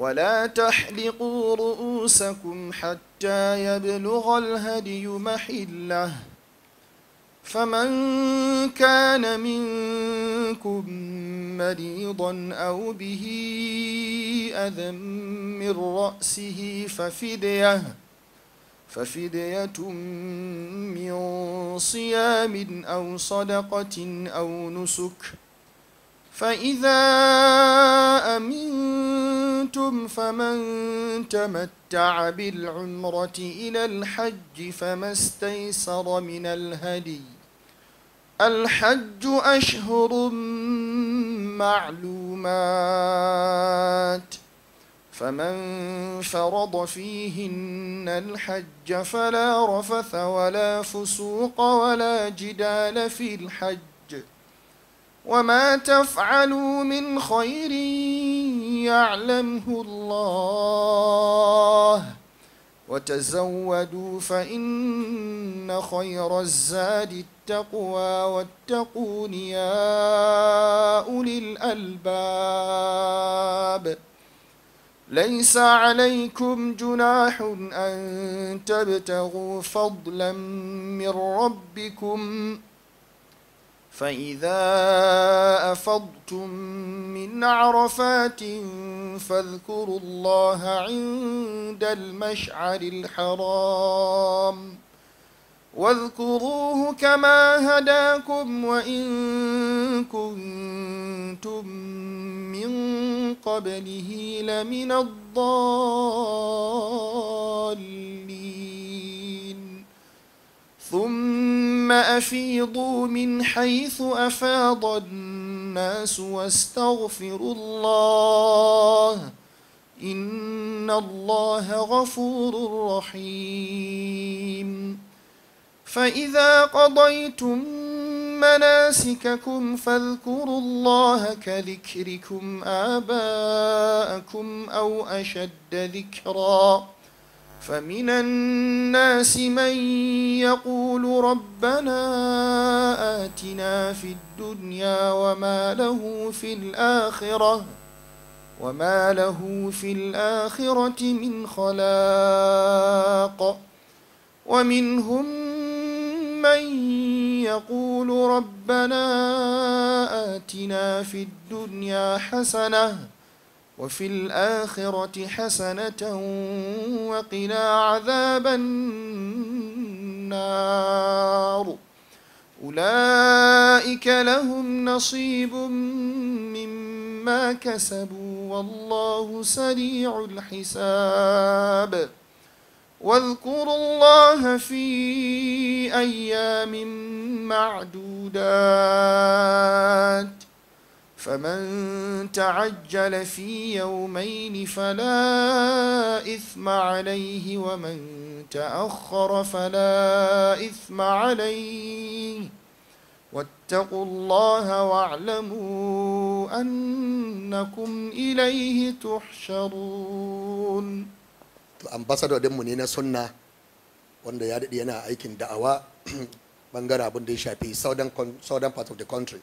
ولا تحلقوا رؤوسكم حتى يبلغ الهدي محله فمن كان منكم مريضا أو به أذى من رأسه ففديه ففدية من صيام أو صدقة أو نسك فإذا أمنتم أنتم فمن تمتع بالعمرة إلى الحج فما استيسر من الهدي الحج أشهر معلومات فمن فرض فيهن الحج فلا رفث ولا فسوق ولا جدال في الحج وما تفعلوا من خير يعلمه الله وتزودوا فإن خير الزاد التقوى واتقون يا أولي الألباب ليس عليكم جناح أن تبتغوا فضلا من ربكم ۖ فإذا أفضتم من عرفات فاذكروا الله عند المشعر الحرام واذكروه كما هداكم وإن كنتم من قبله لمن الضالين ثم أفيضوا من حيث أفاض الناس واستغفروا الله إن الله غفور رحيم فإذا قضيتم مناسككم فاذكروا الله كذكركم آباءكم أو أشد ذكراً فمن الناس من يقول ربنا آتنا في الدنيا وما له في الآخرة وما له في الآخرة من خلاق ومنهم من يقول ربنا آتنا في الدنيا حسنةً وفي الآخرة حسنة وقنا عذاب النار أولئك لهم نصيب مما كسبوا والله سريع الحساب واذكروا الله في أيام معدودات فمن تعجل في يومين فلا إثم عليه ومن تأخر فلا إثم عليه واتقوا الله واعلموا أنكم إليه تحشرون ambassador ɗinmu ne na sunna wanda ya daɗe yana aikin da'awa bangare abin da ya shafi southern part of the country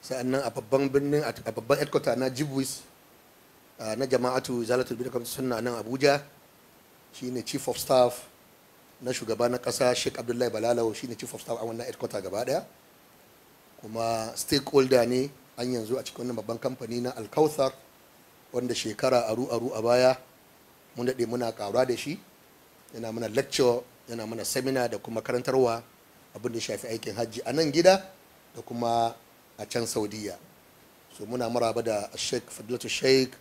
sa'annan a babban birnin a babban headquarter na jibwis na jama'atu zalatul bid'a sunna nan abuja shine chief of staff na shugaba na kasa sheik abdullahi balalawo shine chief of staff a wannan headquarter gaba daya kuma stakeholder ne an yanzu a cikin wannan babban kamfani na alkauthar wanda shekara aru aru a baya mun daɗe muna ƙaura da shi yana mana lecture yana mana seminar da kuma karantarwa abin da shafi aikin hajji a nan gida da kuma a can saudiya so muna maraba da sheik fadlatu sheik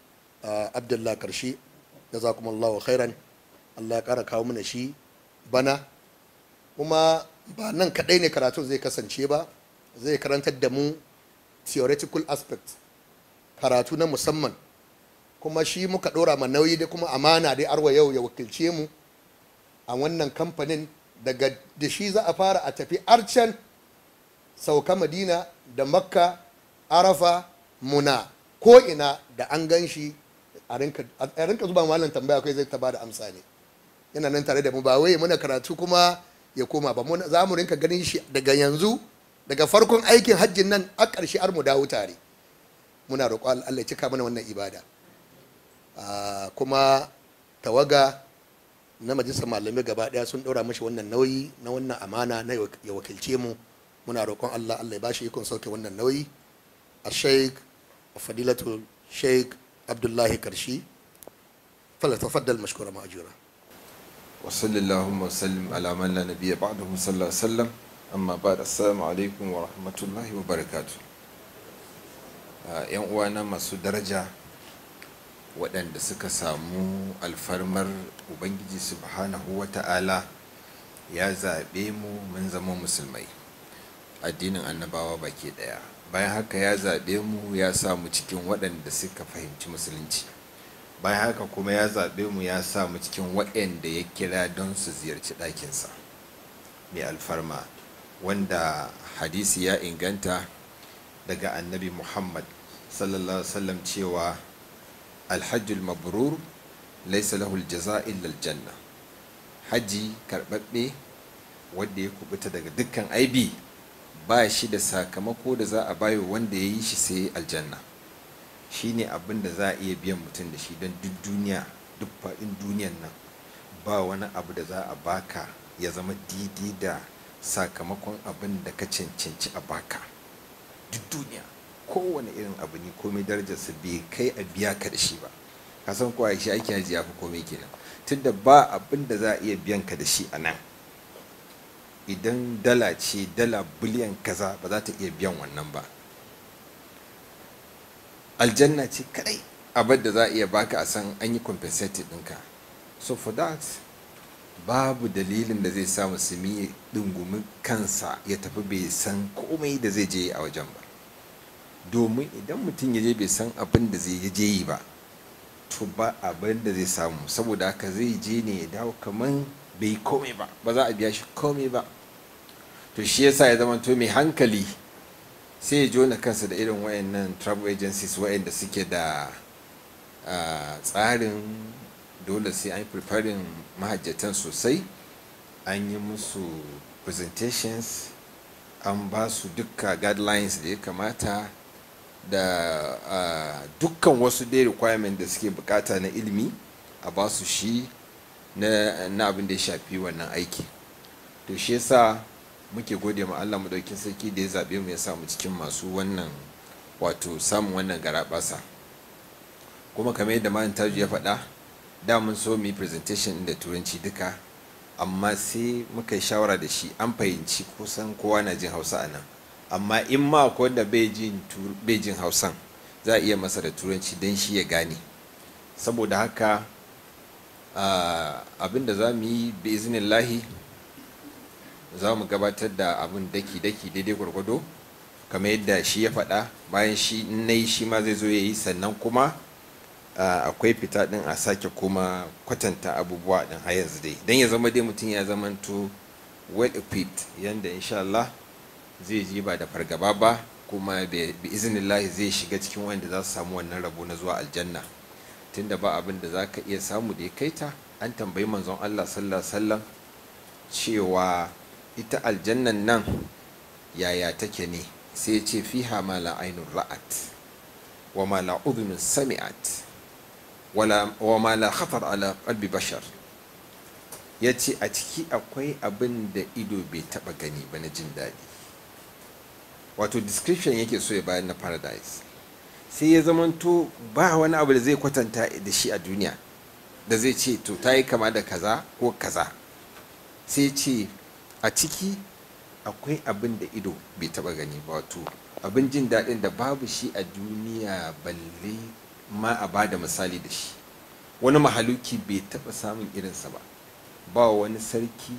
uh, abdullah karshe da za kuma allahu khairan allah ya kara kawo mana shi bana kuma ba nan kaɗai ne karatun zai kasance ba zai karantar da mu theoretical aspect karatu na musamman kuma shi muka ɗora ma nauyi da kuma amana dai arwa yau ya wakilce mu a wannan kamfanin daga da shi za a fara a tafi arcan sauka madina da makka arafa muna ko ina da an gan shi a rinka zuba malam tambaya kai zai ta da amsa ne yana nan tare da mu ba wai muna karatu kuma ya koma ba za mu rinka ganin shi daga yanzu daga farkon aikin hajjin nan a ƙarshe ar mu dawo tare muna roƙo Allah ya cika mana wannan ibada ah, kuma tawaga na majalisar malamai gaba ɗaya sun ɗora mashi wannan nauyi na wannan amana na ya wakilce mu muna roƙon Allah Allah ya bashi ikon sauke wannan nauyi a Sheikh Fadilatul Sheikh Abdullahi Karshi فليتفضل مشكورا ماجورا وصلى اللهم وسلم على من لا نبي بعده صلى الله amma ba da بعد السلام wa ورحمه wa barakatu. yan uwana masu daraja waɗanda suka samu alfarmar ubangiji subhanahu wa ta'ala ya zaɓe mu mun zama musulmai addinin annabawa baki ɗaya bayan haka ya zaɓe mu ya sa mu cikin waɗanda suka fahimci musulunci bayan haka kuma ya zaɓe mu ya sa mu cikin waɗanda ya kira don su ziyarci ɗakinsa mai alfarma wanda hadisi ya inganta daga annabi muhammad sallallahu wasallam cewa alhajjul mabrur laisa lahul jaza illal janna haji karɓaɓɓe wanda ya kubuta daga dukkan aibi ba shi da sakamako da za a bayo wanda ya yi shi sai aljanna shi ne abin da za a iya biyan mutum da shi don duk duniya duk faɗin duniyan nan ba wani abu da za a baka ya zama didi da sakamakon abin da ka cancanci a baka duk duniya kowane irin abu ne komai darajarsa bai kai a biya ka da shi ba ka san kowa shi ake haji ya fi komai kenan tunda ba abin da za a iya biyan ka da shi a nan idan dala ce dala biliyan kaza ba za ta iya biyan wannan ba aljanna ce kadai abin da za a iya baka a san an yi compensated ɗinka so for that babu dalilin da zai sa musulmi ya kansa ya tafi bai san komai da zai je a wajen ba domin idan mutum ya je bai san abin da zai je yi ba to ba abin da zai samu saboda haka zai je ne ya dawo kamar bai komai ba ba za a biya shi komai ba to shi yasa ya zama to mai hankali sai ya jona kansa da irin wayannan travel agencies wayanda suke da tsarin dole sai an yi preparing mahajjatan sosai an yi musu presentations an ba su duka guidelines da ya kamata da dukkan wasu dai requirement da suke bukata na ilimi a ba su shi na abin da ya shafi wannan aiki to shi yasa muke gode ma Allah mu ɗaukin sarki da ya zaɓe mu ya sa mu cikin masu wannan wato samun wannan garaɓasa. kuma kamar yadda malam Taju ya faɗa da mun so mu yi presentation da turanci duka amma sai muka yi shawara da shi an fahimci kusan kowa na jin Hausa a nan amma in ma akwai wanda bai jin Hausan za a iya masa da turanci don shi ya gane saboda haka ah, abinda da za mu yi bi izinin lahi za mu gabatar da abin daki-daki daidai gwargwado kamar yadda shi ya faɗa bayan shi na yi shi ma zai zo ya yi sannan kuma akwai fita ɗin a sake kuma kwatanta abubuwa ɗin har yanzu dai don ya zama dai mutum ya to well equipped yadda insha Allah zai ji ba da fargaba ba kuma bi iznillahi zai shiga cikin wanda za su samu wannan rabo na zuwa aljanna tunda ba abin da za ka iya samu da ya kai ta, an tambayi manzon Allah sallallahu alaihi wasallam cewa ita aljannan nan yaya take ne sai ya ce fiha ma la ra'at wa ma la sami'at wa ma la khatar ala qalbi bashar ya ce a ciki akwai abin da ido bai taba gani ba na jin daɗi wato description yake so ya bayan na paradise sai ya zamanto ba wani abu da zai kwatanta da shi a duniya da zai ce to ta yi kama da kaza ko kaza sai ce a ciki akwai abin da ido bai taba gani ba wato abin jin daɗin da babu shi a duniya balle ma a bada misali da shi wani mahaluki bai taba samun irinsa ba ba wani sarki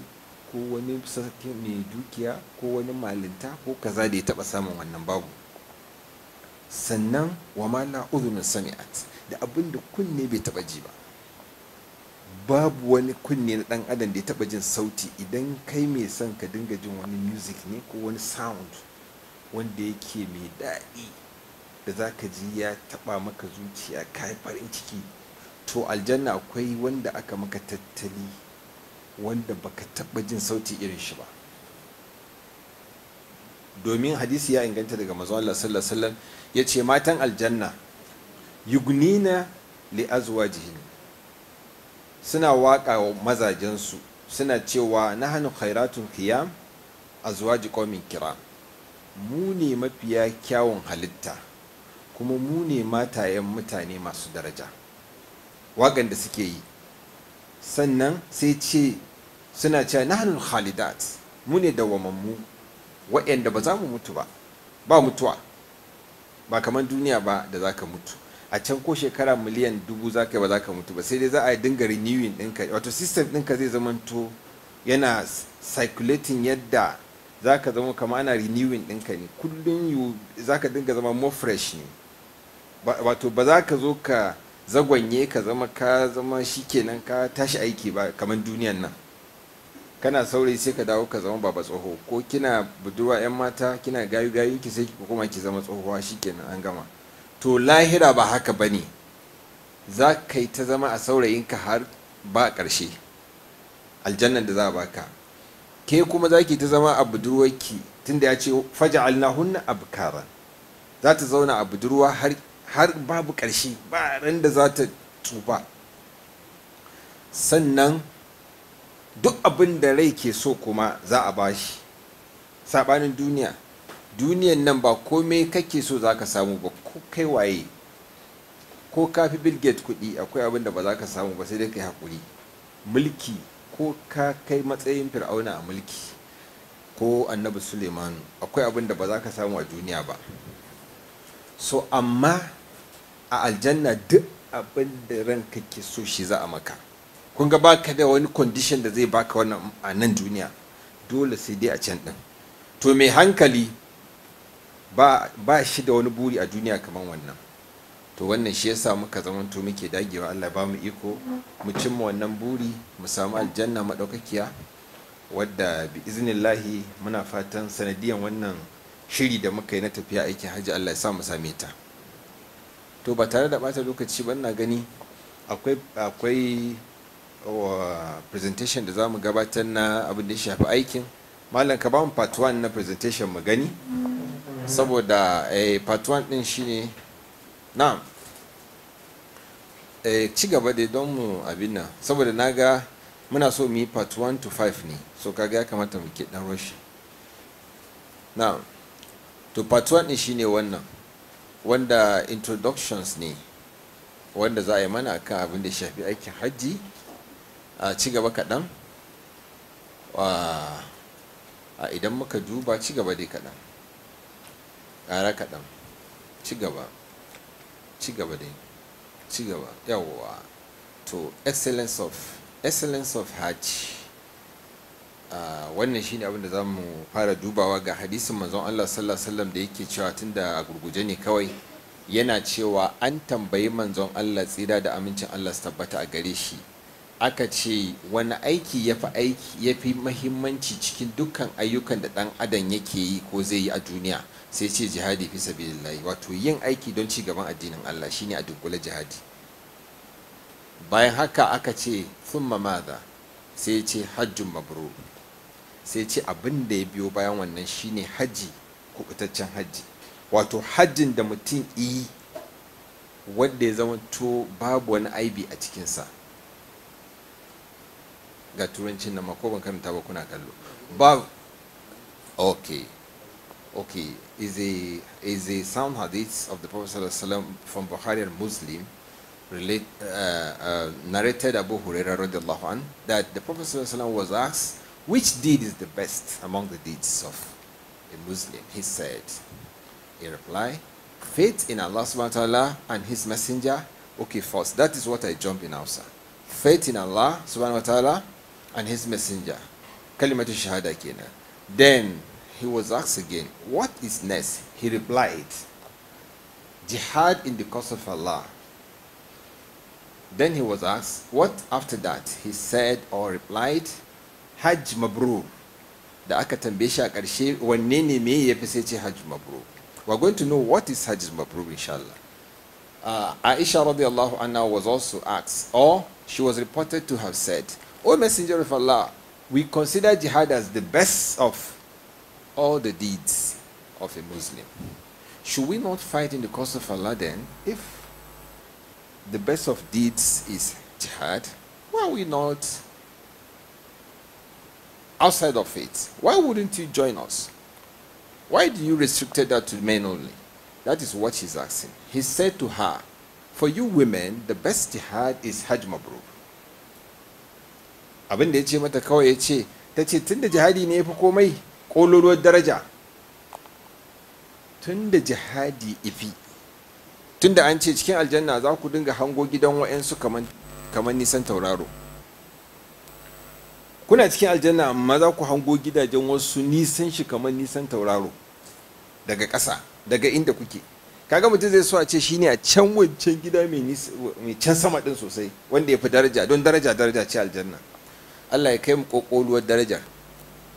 ko wani sarki mai dukiya ko wani malinta ko kaza da ya taba samun wannan babu sannan wa mala uzunin sami'at da abin da kunne bai taba ji ba babu wani kunne na dan adam da ya taba jin sauti idan kai mai son ka dinga jin wani music ne ko wani sound wanda yake mai daɗi da za ka ji ya taba maka zuciya ka yi farin ciki to aljanna akwai wanda aka maka tattali wanda baka taba jin sauti irin shi ba domin hadisi ya inganta daga manzon Allah sallallahu alaihi wasallam matan aljanna yugnina li azwajihin suna waka wa mazajensu suna cewa na hannu khairatun kiyam a zuwa jikomin kira mu ne mafiya kyawun halitta kuma mu ne matayen mutane masu daraja waƙan da suke yi sannan sai ce suna cewa na hannun khalidat mu ne dawamammu waɗanda ba za mu mutu ba ba mutuwa ba kamar duniya ba da za ka mutu a can ko shekara miliyan dubu za ka ba za ka mutu ba sai dai za a dinga renewing ɗinka wato system ɗinka zai to yana circulating yadda za ka zama kama ana renewing ɗinka ne kullum za ka dinga zama more fresh ne wato ba za ka zo ka zagwanye ka zama ka zama kenan ka tashi aiki ba kamar duniyan nan kana saurayi sai ka dawo ka zama baba tsoho ko kina budurwa yan mata kina gayu gayu ki sai ki koma ki zama tsohuwa shikenan an gama to lahira ba haka ba ne za ka yi ta zama a saurayinka har ba ƙarshe aljannan da za a baka ke kuma za ki ta zama a budurwarki tunda ya ce faja'al na abu karan. za ta zauna a budurwa har babu ƙarshe ba ran da za ta tsufa sannan duk abin da rai ke so kuma za a bashi saɓanin duniya duniyan nan ba komai kake so za ka samu ba ko kai waye ko ka fi bill gates kuɗi akwai abin da ba za ka samu ba sai dai kai haƙuri mulki ko ka kai matsayin fir'auna a mulki ko annabi suleiman akwai abin da ba za ka samu a duniya ba so amma a aljanna duk abin da ranka ke so shi za a maka kun ga baka da wani condition da zai baka wannan a nan duniya dole sai dai a can din to mai hankali ba, shi da wani buri a duniya kamar wannan to wannan shi yasa muka zamanto muke dagewa Allah ba mu iko mu cimma wannan buri mu samu aljanna madaukakiya wadda bi iznillahi muna fatan sanadiyan wannan shiri da muka yi na tafiya aikin hajji Allah ya sa mu same ta to ba tare da bata lokaci ba ina gani akwai akwai uh, presentation da zamu gabatar na abin da ya shafi aikin malam ka ba mu part 1 na presentation mu gani saboda eh, part 1 din shine na eh, ci gaba dai don mu abin nan saboda na ga muna so mu yi part 1 to 5 ne so kaga ya kamata mu ke dan rushe na to part 1 din shine wannan wanda introductions ne wanda za a yi mana kan abin da shafi aikin hajji a ci gaba kaɗan a idan muka duba ci gaba dai kaɗan ƙara kaɗan ci gaba ci gaba dai ci gaba yawwa to excellence of excellence of hajj ah, wannan shine abin da za mu fara dubawa ga hadisin manzon Allah sallallahu alaihi wasallam da yake cewa tun da gurguje ne kawai yana cewa an tambayi manzon Allah tsira da amincin Allah su tabbata a gare shi aka ce wani aiki ya fi aiki ya fi mahimmanci cikin dukkan ayyukan da ɗan adam yake yi ko zai yi a duniya sai ce jihadi fi sabilillahi wato yin aiki don ci gaban addinin Allah shine a dunkule jihadi bayan haka aka ce thumma madha sai ce hajjun mabru sai ce abin da ya biyo bayan wannan shine haji kubutaccen hajji wato hajjin da mutum yi wanda ya zama to babu wani aibi a cikinsa ga turancin nan ma ko ban kuna kallo ba okay okay is a is a sound hadith of the prophet sallallahu from bukhari and muslim relate, uh, uh, narrated abu hurairah radiallahu an that the prophet sallallahu was asked which deed is the best among the deeds of a muslim he said in reply faith in allah subhanahu wa ta'ala and his messenger okay first that is what i jump in now sir faith in allah subhanahu wa ta'ala and his messenger. Kalimatu Shahada kena. Then he was asked again, what is next? He replied, jihad in the cause of Allah. Then he was asked, what after that? He said or replied, Hajj Mabrur. The aka tambaye shi a ƙarshe me ya Hajj Mabrur. We're going to know what is Hajj Mabrur inshallah. Uh, Aisha radiallahu anha was also asked, or she was reported to have said, O Messenger of Allah, we consider jihad as the best of all the deeds of a Muslim. Should we not fight in the cause of Allah then? If the best of deeds is jihad, why are we not outside of it? Why wouldn't you join us? Why do you restrict that to men only? That is what he's asking. He said to her, For you women, the best jihad is Hajj Mabrur. abin da ya ce mata kawai ya ce ta ce tun da jihadi ne ya fi komai ƙololuwar daraja tun da jihadi ifi da an ce cikin aljanna za ku dinga hango gidan wa'yansu kamar nisan tauraro kuna cikin aljanna amma za ku hango gidajen wasu nisan shi kamar nisan tauraro daga ƙasa daga inda kuke kaga mutum zai so a ce shine a can wancan gida mai can sama din sosai wanda ya fi daraja don daraja daraja ce aljanna Allah ya kai mu kokoluwar daraja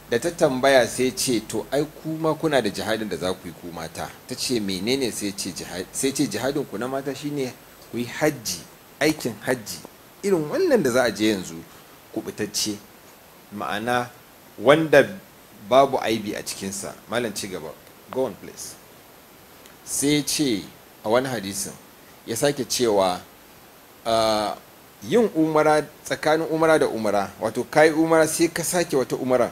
da ta tambaya sai ce to ai kuma kuna da jihadin da za ku yi ku mata ta ce menene sai ce jihadin ku na mata shine ku yi hajji aikin hajji irin wannan da za a je yanzu kubutacce ma'ana wanda babu aibi a cikinsa malam ci gaba go on please sai ce a wani hadisin ya sake cewa ah, yin umara tsakanin umara da umara wato kai umara sai ka sake wata umara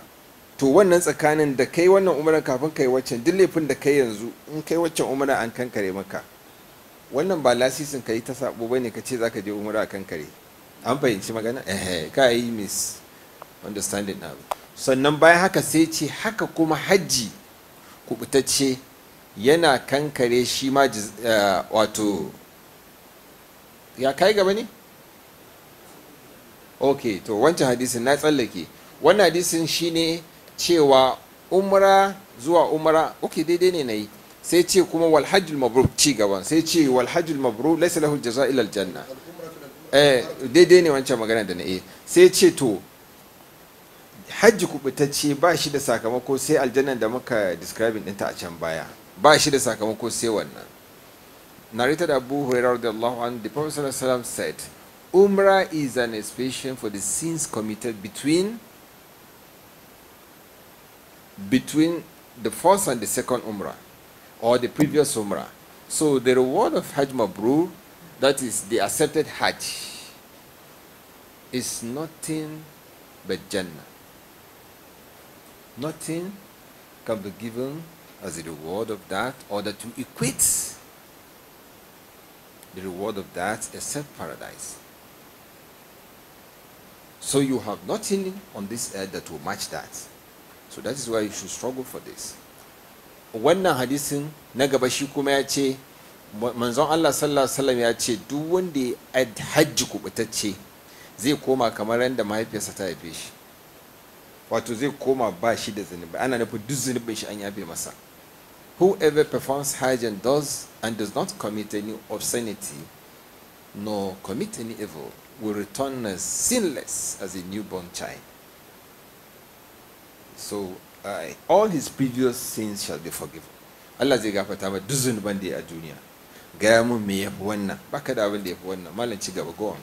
to wannan tsakanin da kai wannan umaran kafin kai waccan duk laifin da kai yanzu in kai waccan umara an kankare maka wannan ba lasisin ka yi ta sabo bane ka ce zaka je umara a kankare an fahimci magana eh ka yi miss understanding na sannan bayan haka sai ce haka kuma hajji kubutacce yana kankare shi ma eh, wato ya kai gaba ne ok to wancan hadisin na tsallake wannan hadisin shine cewa umra zuwa umra ok daidai ne na yi sai ce kuma walhajjul mabru ci gaban sai ce walhajjul mabru laisa lahu jaza ilal janna eh daidai ne wancan magana da na yi sai ce to hajji kubutacce ba shi da sakamako sai aljannan da muka describing ɗinta a can baya ba shi da sakamako sai wannan narrated abu hurairah radiyallahu anhu the prophet sallallahu alaihi wasallam said Umrah is an expiation for the sins committed between between the first and the second Umrah or the previous Umrah. So the reward of Hajj Mabrur, that is the accepted Hajj, is nothing but Jannah. Nothing can be given as a reward of that or that to equate the reward of that except paradise. So you have nothing on this earth that will match that. So that is why you should struggle for this. Wannan hadisin na gaba shi kuma ya ce manzon Allah sallallahu alaihi wasallam ya ce duk wanda ya hajji kubutacce zai koma kamar yadda mahaifiyarsa ta haife shi. Wato zai koma ba shi da ana nufin duk shi an yabe masa. Whoever performs Hajj and does and does not commit any obscenity nor commit any evil will return as sinless as a newborn child. So uh, all his previous sins shall be forgiven. Allah zai gafarta ma duzun ban da ya a duniya. Gaya mun me yafi wannan, baka da abin da yafi wannan, malam ci gaba go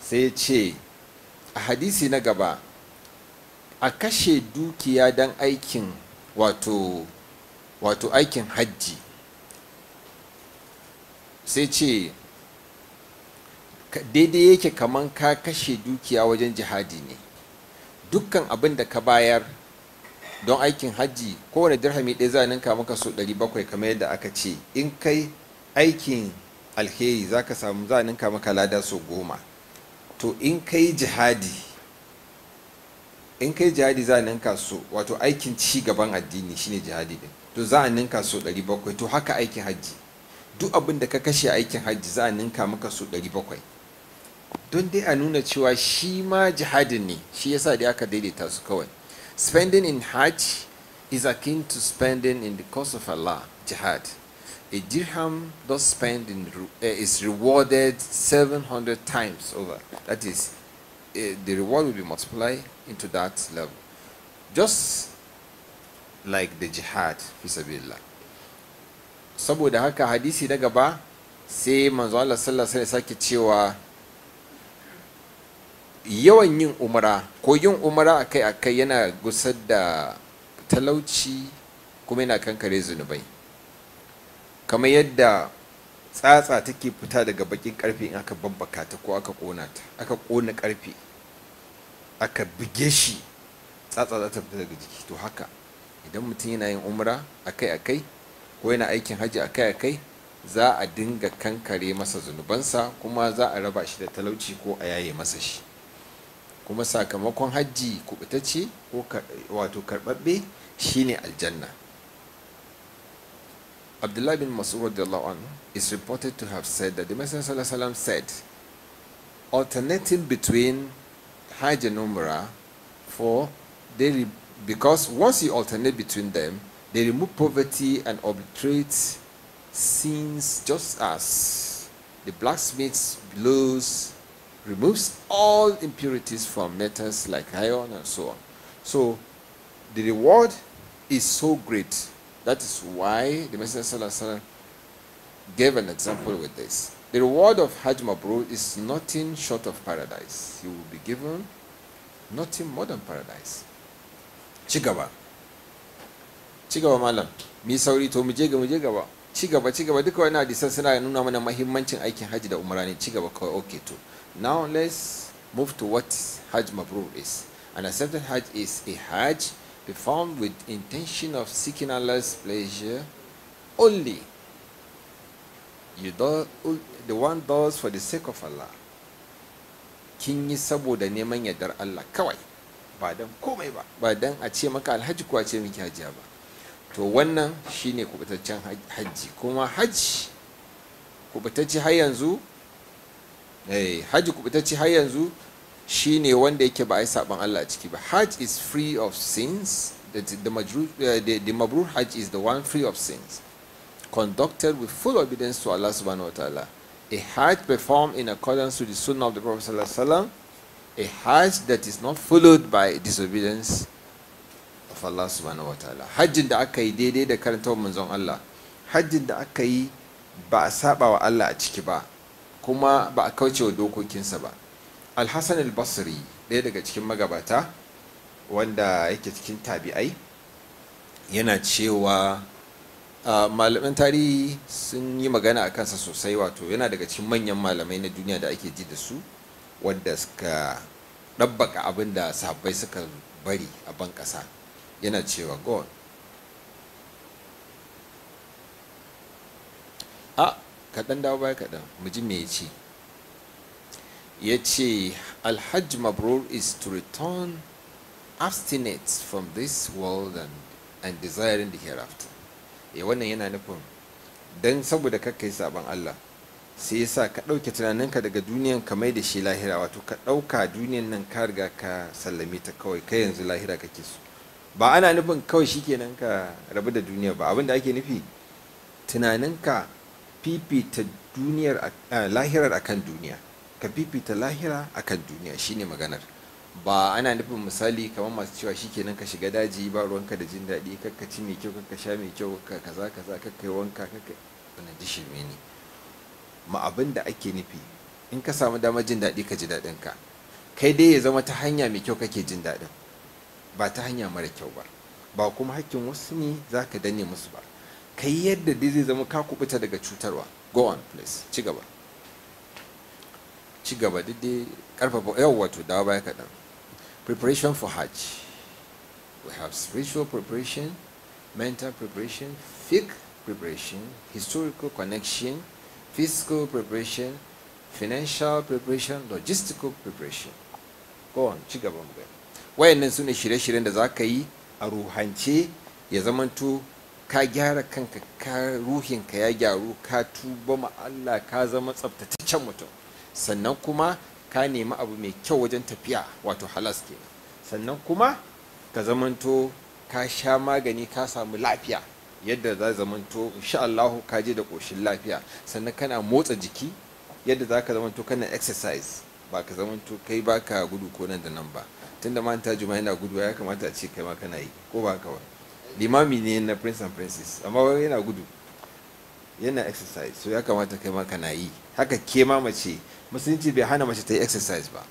Sai ya ce a hadisi na gaba a kashe dukiya dan aikin wato wato aikin hajji sai ce daidai yake kaman ka kashe dukiya wajen jihadi ne dukkan abin da ka bayar don aikin hajji kowane dirhami ɗaya za a ninka maka so 700 kamar yadda aka ce in kai aikin alheri za ka samu za a ninka maka lada so goma to in kai jihadi in kai jihadi za a ninka so wato aikin ci gaban addini shine jihadi din to za a ninka so 700 to haka aikin hajji duk abin da ka kashe aikin hajji za a ninka maka so 700 don dai a nuna cewa shi ma jihadin ne shi yasa dai aka daidaita su kawai spending in hajj is akin to spending in the cause of Allah jihad a dirham does spend in, uh, is rewarded 700 times over that is uh, the reward will be multiplied into that level just like the jihad fi saboda haka hadisi na gaba sai manzo Allah sallallahu alaihi wasallam sake cewa yawan yin umara ko yin umara akai akai yana gusar da talauci kuma yana kankare zunubai kamar yadda tsatsa take fita daga bakin karfe in aka babbaka ta ko aka kona ta aka kona karfe aka buge shi tsatsa za ta fita daga jiki to haka idan mutum yana yin umra akai akai ko yana aikin hajji akai akai za a dinga kankare masa zunubansa kuma za a raba shi da talauci ko a yaye masa shi kuma sakamakon hajji kubutacce ko wato karbabbe shine aljanna Abdullah bin Mas'ud is reported to have said that the Messenger Allah said alternating between Hajj and Umrah for they because once you alternate between them they remove poverty and obliterate sins just as the blacksmith blows removes all impurities from metals like iron and so on. So the reward is so great. That is why the Messenger gave an example with this. The reward of Hajj Mabrur is nothing short of paradise. You will be given nothing more than paradise. Chigawa, chigawa malam. Mi sauri to mi jega mi jega wa chigawa chigawa diko duka wani ya suna nuna mana muhimmancin aikin Hajji da Umra chigawa Cigaba okay Now let's move to what Hajj Mabrur is. An accepted Hajj is a Hajj performed with intention of seeking Allah's pleasure only. You do, the one does for the sake of Allah. Kin yi saboda neman yardar Allah kawai ba dan komai ba ba dan a ce maka alhaji ko a ce miki hajiya ba to wannan shine kubutaccen hajji kuma hajji kubutacce har yanzu eh haji kubutacci har yanzu shine wanda yake ba a saban Allah a hajj is free of sins the, the, majru, uh, the, the mabrur hajj is the one free of sins conducted with full obedience to Allah subhanahu wa ta'ala a hajj performed in accordance with the sunnah of the prophet sallallahu alaihi wasallam a hajj that is not followed by disobedience of Allah subhanahu wa ta'ala hajjin da aka dede daidai da karantawar Allah hajjin da aka ba wa Allah a kuma ba a kauce wa dokokinsa ba alhassan albasri ɗaya daga cikin magabata wanda yake cikin tabi'ai yana cewa malaman tarihi sun yi magana a kansa sosai wato yana daga cikin manyan malamai na duniya da ake ji da su wanda suka ɗabbaka abin da sahabbai suka bari a ban ƙasa yana cewa gone kaɗan dawo baya kaɗan mu ji me ya ce ya ce alhajj mabrur is to return abstinence from this world and, and desiring the hereafter ya eh, wannan yana nufin don saboda kakka yi sabon Allah sai yasa ka ɗauke tunaninka daga duniyan ka mai da shi lahira wato ka ɗauka duniyan nan ka riga ka sallame ta kawai kai yanzu lahira kake so ba ana nufin kawai shikenan ka rabu da duniya ba abinda da ake nufi tunaninka fifita duniyar lahirar akan duniya ka fifita lahira akan duniya shine maganar ba ana nufin misali kamar masu cewa shikenan ka shiga daji ba ruwanka da jin daɗi kakka ci mai kyau kakka sha mai kyau kakka kaza kaza kakka yi wanka kakka wannan dishirme ne ma abin da ake nufi in ka samu damar jin daɗi ka ji daɗin ka kai dai ya zama ta hanya mai kyau kake jin daɗin ba ta hanya mara kyau ba ba kuma hakkin wasu ne za ka danne musu ba ka yi yadda dai zai zama ka kubuta daga cutarwa go on please ci gaba ci gaba daidai karfafa yau wato dawa baya kaɗan preparation for hajj we have spiritual preparation mental preparation fake preparation historical connection physical preparation financial preparation logistical preparation go on ci gaba mu gani wayannan su ne shirye-shiryen da za ka yi a ruhance ya zamanto ka gyara kanka ka ruhinka ya gyaru ka tuba ma ka zama tsabtataccen mutum sannan kuma ka nemi abu mai kyau wajen tafiya wato halas kenan sannan kuma ka zamanto ka sha magani ka samu lafiya yadda za zamanto insha Allah ka je da koshin lafiya sannan kana motsa jiki yadda za ka zamanto kana exercise ba ka zamanto kai ba ka gudu ko nan da nan ba tunda ma ta jima yana gudu ya kamata a ce kai ma kana yi ko ba ka ba limami ne na prince and princess amma yana gudu yana exercise so ya kamata kai ma kana yi haka ke ma mace musulunci bai hana mace ta yi exercise ba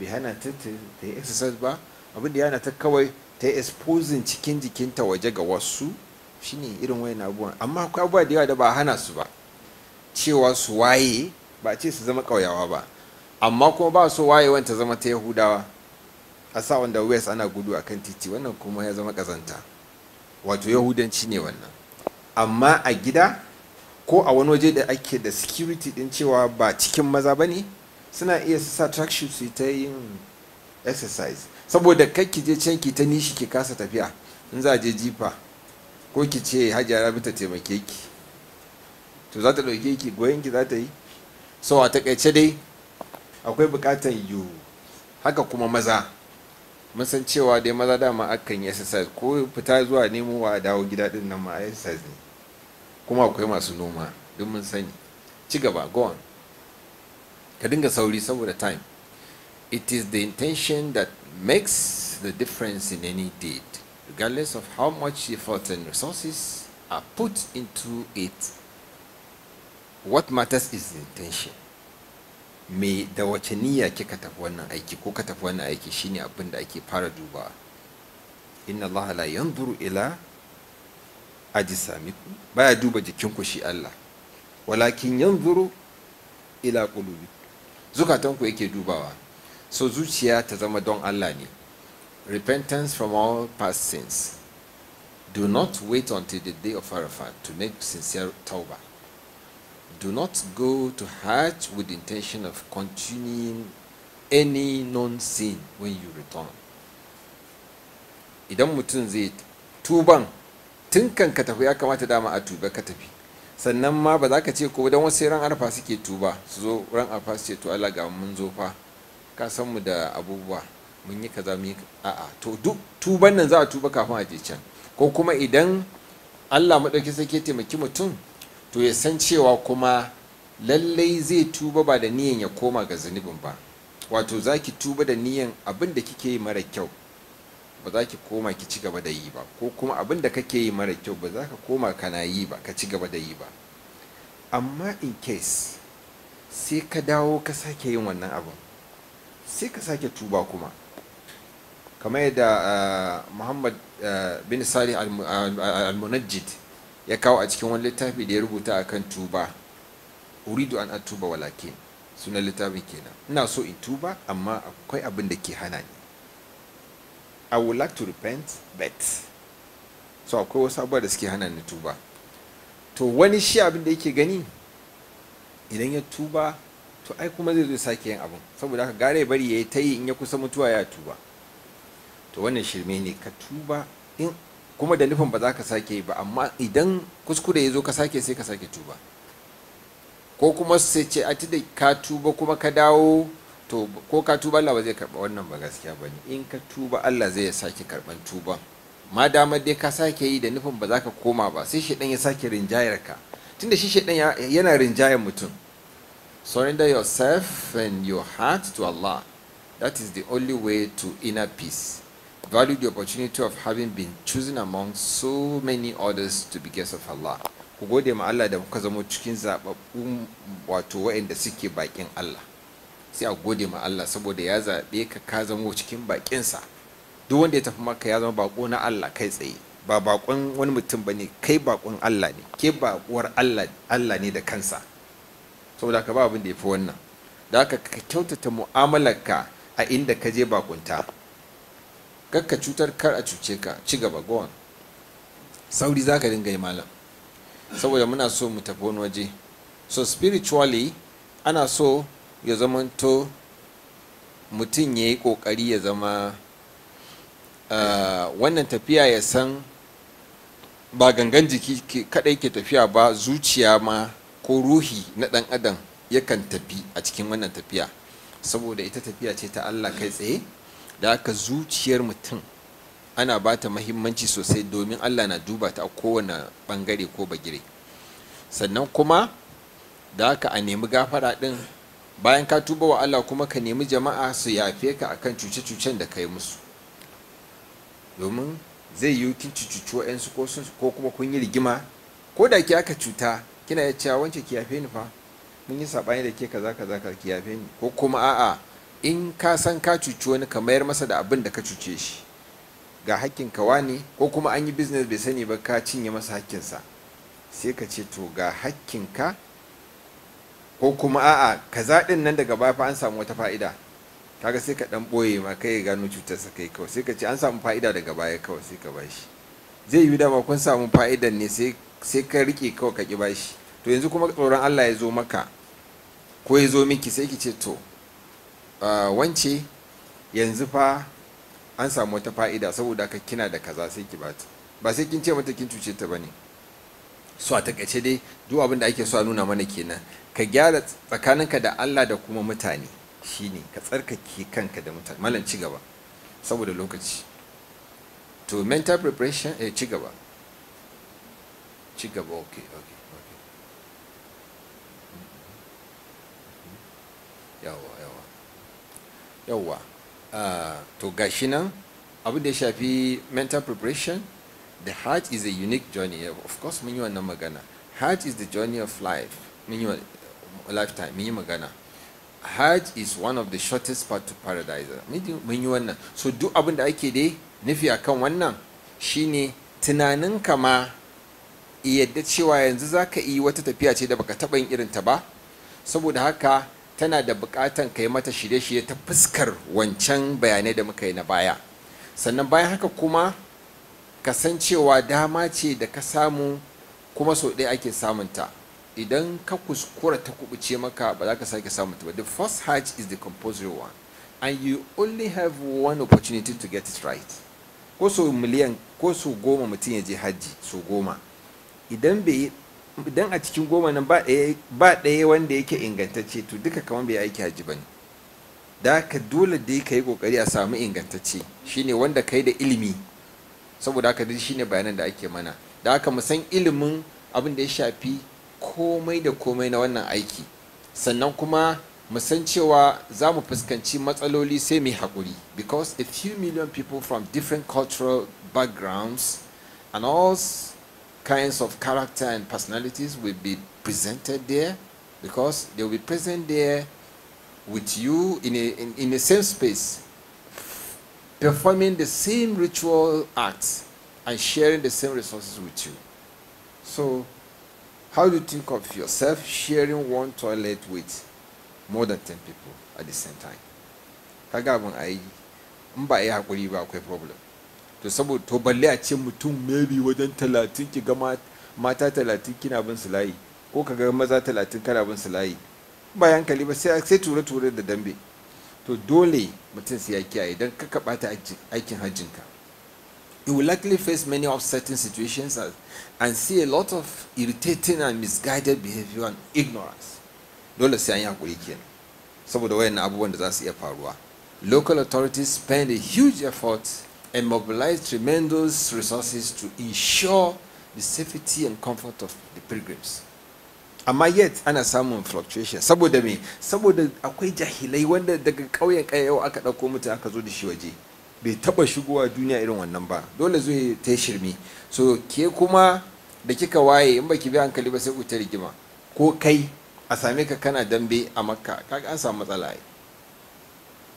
bai hana ta ta yi exercise ba abin da yana ta kawai ta yi exposing cikin jikinta waje ga wasu shine irin wayan abubuwan amma akwai abubuwa da yawa da ba hana su ba cewa su waye ba ce su zama kauyawa ba amma kuma ba su waye wanda zama ta yahudawa a sa wanda west ana gudu a kan titi wannan kuma ya zama kazanta. wato yahudanci ne wannan amma a gida ko a wani waje da ake da security din cewa ba cikin maza ba ne suna iya su sa traction su ta yin exercise saboda kai ki je can ki ta nishi ki kasa tafiya in za je jifa ko ki ce hajiya rabi ta taimake ki to za ta ɗauke ki goyon ki za ta yi so a takaice dai akwai bukatan yiwu haka kuma maza mun san cewa dai maza dama akan yi exercise ko fita zuwa nemo wa dawo gida din nan ma exercise ne kuma akwai masu noma duk mun sani ci gaba go on ka dinga sauri saboda time it is the intention that makes the difference in any deed regardless of how much effort and resources are put into it what matters is the intention me da wace niyya kika tafi wannan aiki ko ka tafi wannan aiki shine abin da ake fara dubawa inna allaha la yanzuru ila ajsamikum baya duba jikinku shi Allah walakin yanzuru ila qulubi zukatanku yake dubawa so zuciya ta zama don Allah ne repentance from all past sins do not wait until the day of Arafat to make sincere tawbah do not go to Hajj with the intention of continuing any known sin when you return. Idan mutum zai tuban tun kan ka tafi ya kamata dama a tuba ka tafi. Sannan ma ba za ka ce ko dan wasu ran arfa suke tuba su zo ran arfa su ce to Allah ga mun zo fa ka san mu da abubuwa mun yi kaza mun yi a'a to duk tuban nan za a tuba kafin a je can ko kuma idan Allah madauki sai ke taimaki mutum to ya san cewa kuma lallai zai tuba ba da niyan ya koma ga zunubin ba wato za ki tuba da niyan abin da kike yi mara kyau ba za ki koma ki ci gaba da yi ba ko kuma abin da kake yi mara kyau ba za ka koma kana yi ba ka ci gaba da yi ba amma in case sai ka dawo ka sake yin wannan abin sai ka sake tuba kuma kamar yadda ah, muhammad ah, bin salih al-munajjid ya kawo a cikin wani littafi da ya rubuta a kan tuba uridu an atuba walakin suna littafin kenan ina so in tuba amma akwai abin da ke hana ni i would like to repent but so akwai wasu abubuwa da suke hana ni tuba to wani shi abin da yake gani idan ya tuba to ai kuma zai zo sake yin abin saboda haka gare bari ya yi ta yi in ya kusa mutuwa ya tuba to wannan shirme ne ka tuba in kuma da nufin ba za ka sake ba amma idan kuskure ya zo ka sake sai ka sake tuba ko kuma sai ce a da ka tuba kuma ka dawo to ko ka tuba Allah ba zai karba wannan ba gaskiya ba ne in ka tuba Allah zai sake karban tuban ma dama dai ka sake yi da nufin ba za ka koma ba sai shedan ya sake rinjayar ka tunda shi dan yana rinjayar mutum surrender yourself and your heart to Allah that is the only way to inner peace value the opportunity of having been chosen among so many others to be guests of Allah ku gode ma Allah da kuka zama cikin zaɓaɓɓun wato waɗanda suke baƙin Allah sai a gode ma Allah saboda ya zaɓe ka ka zama cikin baƙinsa duk wanda ya tafi maka ya zama baƙo na Allah kai tsaye ba baƙon wani mutum ba ne kai baƙon Allah ne ke baƙuwar Allah Allah ne da kansa saboda ka ba abin da ya fi wannan da haka ka kyautata mu'amalarka a inda ka je bakunta kakka cutar kar a cuce ka ci gaba go sauri za ka dinga yi malam saboda muna so mu tafi wani waje so spiritually ana so ya zamanto mutum ya yi kokari ya zama eh, wannan tafiya ya san ba gangan jiki kadai ke tafiya ba zuciya ma ko ruhi na dan adam yakan tafi a cikin wannan tafiya saboda ita tafiya ce ta Allah kai tsaye da haka zuciyar mutum ana ba ta mahimmanci sosai domin allah na duba ta a kowane bangare ko bagire sannan kuma da haka a nemi gafara din bayan ka tuba wa allah kuma ka nemi jama'a su yafe ka akan cuce-cucen da ka yi musu domin zai yi kin yan su ko kuma kun yi rigima ko da ki aka cuta kina ya cewa wance ki yafe ni fa mun yi saɓani da ke kaza kaza ka ki yafe ni ko kuma a'a in ka san ka cuci wani ka mayar masa da abin da ka cuce shi ga hakkin ka wani ko kuma an yi business bai sani ba ka cinye masa hakkinsa sai ka ce to ga ka ko kuma a'a ka zaɗin nan daga baya an samu wata fa'ida kaga sai ka dan boye ma kai gano cutarsa kai kawai sai ka ce an samu fa'ida daga baya kawai sai ka bashi zai yi dama kun samu fa'idan ne sai ka rike kawai ka ki bashi to yanzu kuma tsoron Allah ya zo maka ko ya zo miki sai ki ce to wance yanzu fa an samu wata fa'ida saboda ka kina da kaza sai ki bata ba sai kin ce mata kin cuce ta bane so a takaice dai duk abin da ake so a nuna mana kenan ka gyara tsakaninka da Allah da kuma mutane shine ka tsarkake kanka da mutane malam ci gaba saboda lokaci to mental preparation eh ci gaba ci gaba okay okay okay mm-hmm. Mm-hmm. yawa yauwa ah, to gashi nan abin da ya shafi mental preparation the heart is a unique journey of course mun yi wannan magana heart is the journey of life mun yi lifetime mun yi magana heart is one of the shortest part to paradise mun yi wannan so duk abin da ake dai nufi akan wannan shine tunanin kama yadda cewa yanzu zaka yi wata tafiya ce da baka taɓa yin irin ta ba saboda haka tana da bukatan kai mata shirye-shirye ta fuskar wancan bayanai da muka yi na baya sannan bayan haka kuma kasancewa dama ce da ka samu kuma sau ɗaya ake samunta idan ka kuskura ta kubuce maka ba za ka sake samunta ba the first hajj is the compulsory one and you only have one opportunity to get it right ko so miliyan ko so goma mutum ya je hajji so goma idan bai dan a cikin goma nan ba ɗaya wanda yake ingantacce to duka kamar bai aiki haji bane da ka dole da ka yi kokari a samu ingantacce shine wanda kai da ilimi saboda haka dai shine bayanan da ake mana da haka mu san ilimin abin da ya shafi komai da komai na wannan aiki sannan kuma mu san cewa za mu fuskanci matsaloli sai mu haƙuri because a few million people from different cultural backgrounds and all kinds of character and personalities will be presented there because they will be present there with you in, a, in, in the same space, performing the same ritual acts and sharing the same resources with you. So, how do you think of yourself sharing one toilet with more than 10 people at the same time? I, problem. to saboda to balle a ce mutum maybe wajen talatin ki ga mata talatin kina bin su layi ko ka ga maza talatin kana bin su layi ba yankali ba sai ture-ture da dambe to dole mutum sai ya kiyaye don kaba ta aikin hajjinka you will likely face many of certain situations and see a lot of irritating and misguided behavior and ignorance dole sai an yi hakuri kenan saboda wayannan abubuwan da za su iya faruwa local authorities spend a huge effort and mobilize tremendous resources to ensure the safety and comfort of the pilgrims. amma yet ana samun fluctuation saboda me saboda akwai jahilai wanda daga ƙauyen the aka ɗauko Kayo aka zo da shi waje bai taɓa shigowa duniya irin wannan ba dole zai ta shirme so ke kuma da kika waye in baki bi hankali ba sai ku ta rigima ko kai a ka kana dambe a makka kaga an samu matsala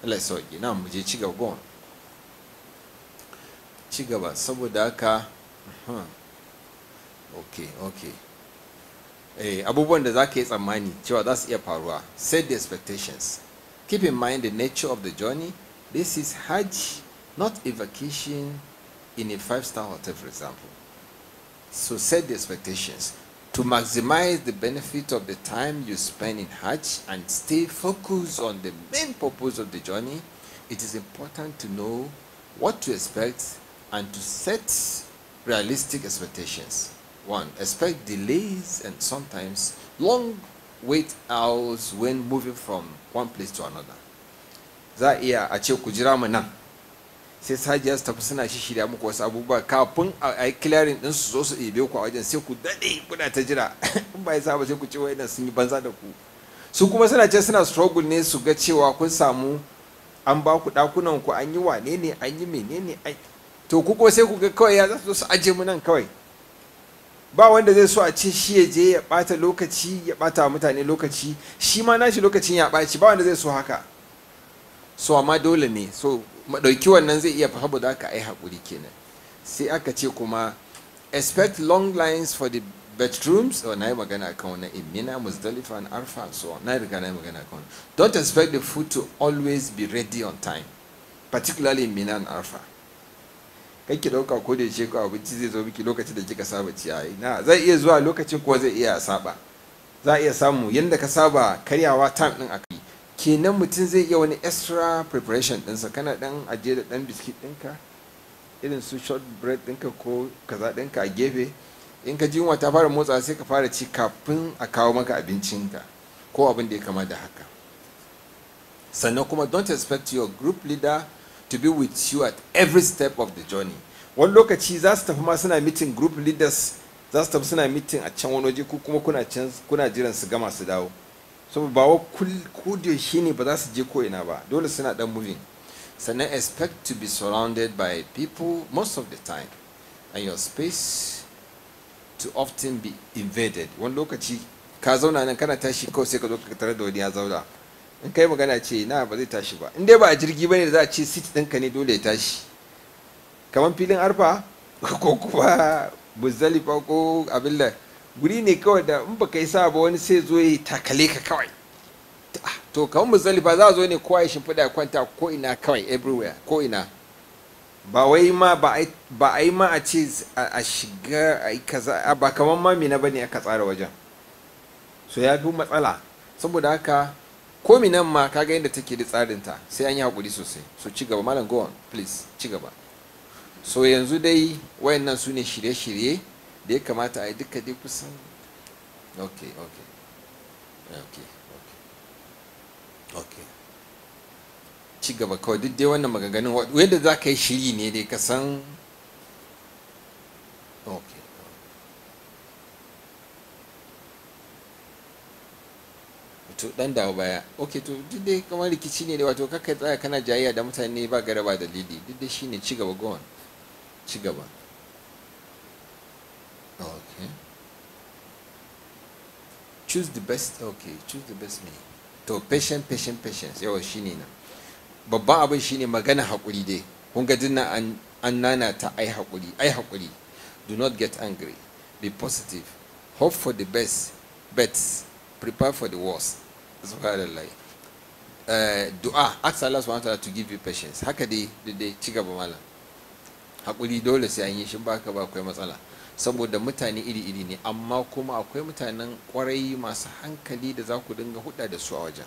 ai na mu ci gaba Chigaba, gaba saboda haka uh-huh. ok ok eh, abubuwan da za ka yi tsammani cewa za su iya faruwa set the expectations keep in mind the nature of the journey this is hajj not a vacation in a five-star hotel for example so set the expectations to maximize the benefit of the time you spend in hajj and stay focused on the main purpose of the journey it is important to know what to expect and to set realistic expectations. One, expect delays and sometimes long wait hours when moving from one place to another. Za a iya a ce ku jira mu nan. Sai sajiya su tafi suna shirya muku wasu abubuwa kafin a yi clearing din su zo su ɗebe ku a wajen sai ku daɗe kuna ta jira. In ba ya saba sai ku ce wa'ina sun yi banza da ku. Su kuma suna ce suna struggle ne su ga cewa kun samu an ba ku ɗakunan ku an yi wane ne an yi menene to ku ko sai ku ga kawai ya za su aje mu nan kawai ba wanda zai so a ce shi ya je ya bata lokaci ya bata wa mutane lokaci shi ma nashi lokacin ya baci ba wanda zai so haka so amma dole ne so madauki wannan zai iya fahimu da aka ai hakuri kenan sai aka ce kuma expect long lines for the bedrooms or oh, na magana kan wannan imina muzdalifa and arfa so na riga magana kan don't expect the food to always be ready on time particularly in mina and arfa kai ki dauka ko da yaushe ko abinci zai zo miki lokacin da kika saba ciyayi na zai iya zuwa lokacin ko zai iya saba za iya samu yanda ka saba karyawa tan din akai kenan mutum zai iya wani extra preparation sa kana dan ajiye da dan biskit ɗinka irin su short bread ɗinka ko kaza ɗinka a gefe in ka ji ta fara motsa sai ka fara ci kafin a kawo maka abincinka ko abin da ya kama da haka sannan kuma don't expect your group leader to be with you at every step of the journey wani lokaci za su tafi ma suna meeting group leaders za su tafi suna meeting a can wani waje ko kuma kuna can kuna jiran su gama su dawo saboda ba wa shi ne ba za su je ko ina ba dole suna dan moving sannan expect to be surrounded by people most of the time and your space to often be invaded wani lokaci ka zauna nan kana tashi kawai sai ka zo ka wani ya zauna in kai magana ce na ba zai tashi ba in dai ba a jirgi bane da za a ce sit ɗinka ne dole ya tashi kamar filin arfa ko kuma buzzalifa ko abin da guri ne kawai da in baka yi sa ba wani sai zo ya takale ka kawai ah, to kamar muzdalifa za a zo ne kowa ya shimfiɗa ya kwanta ko ina kawai everywhere ko ina ba wai ma ba a yi ma a ce a shiga a yi kaza ba kamar ma mina bane aka tsara wajen so ya fi matsala saboda haka ko minan ma kaga yadda take da tsarin ta sai an yi hakuri sosai so ci gaba malam go on please ci gaba so yanzu dai wayannan su ne shirye-shirye da ya kamata a yi duka dai kusan okay okay okay okay ok ci gaba kawai duk dai wannan maganganun wadda za ka yi shiri ne dai kasan ok okay to dan dawo baya okay to duk dai kamar rikici ne wato kakai tsaya kana jayayya da mutane ba gare ba dalili duk dai shine ci gaba go on ci gaba ok choose the best ok choose the best me to patient patient patience yawa shine nan babban abin shine magana hakuri dai kun ga dinna an an nana ta ai hakuri ai hakuri do not get angry be positive hope for the best but prepare for the worst uh, du'a ask Allah subhanahu ta'ala to give you patience haka dai dai ci gaba malam hakuri dole sai an yi shi baka ba akwai matsala saboda mutane iri-iri ne amma kuma akwai mutanen kwarai masu hankali da za ku dinga huda da su a wajen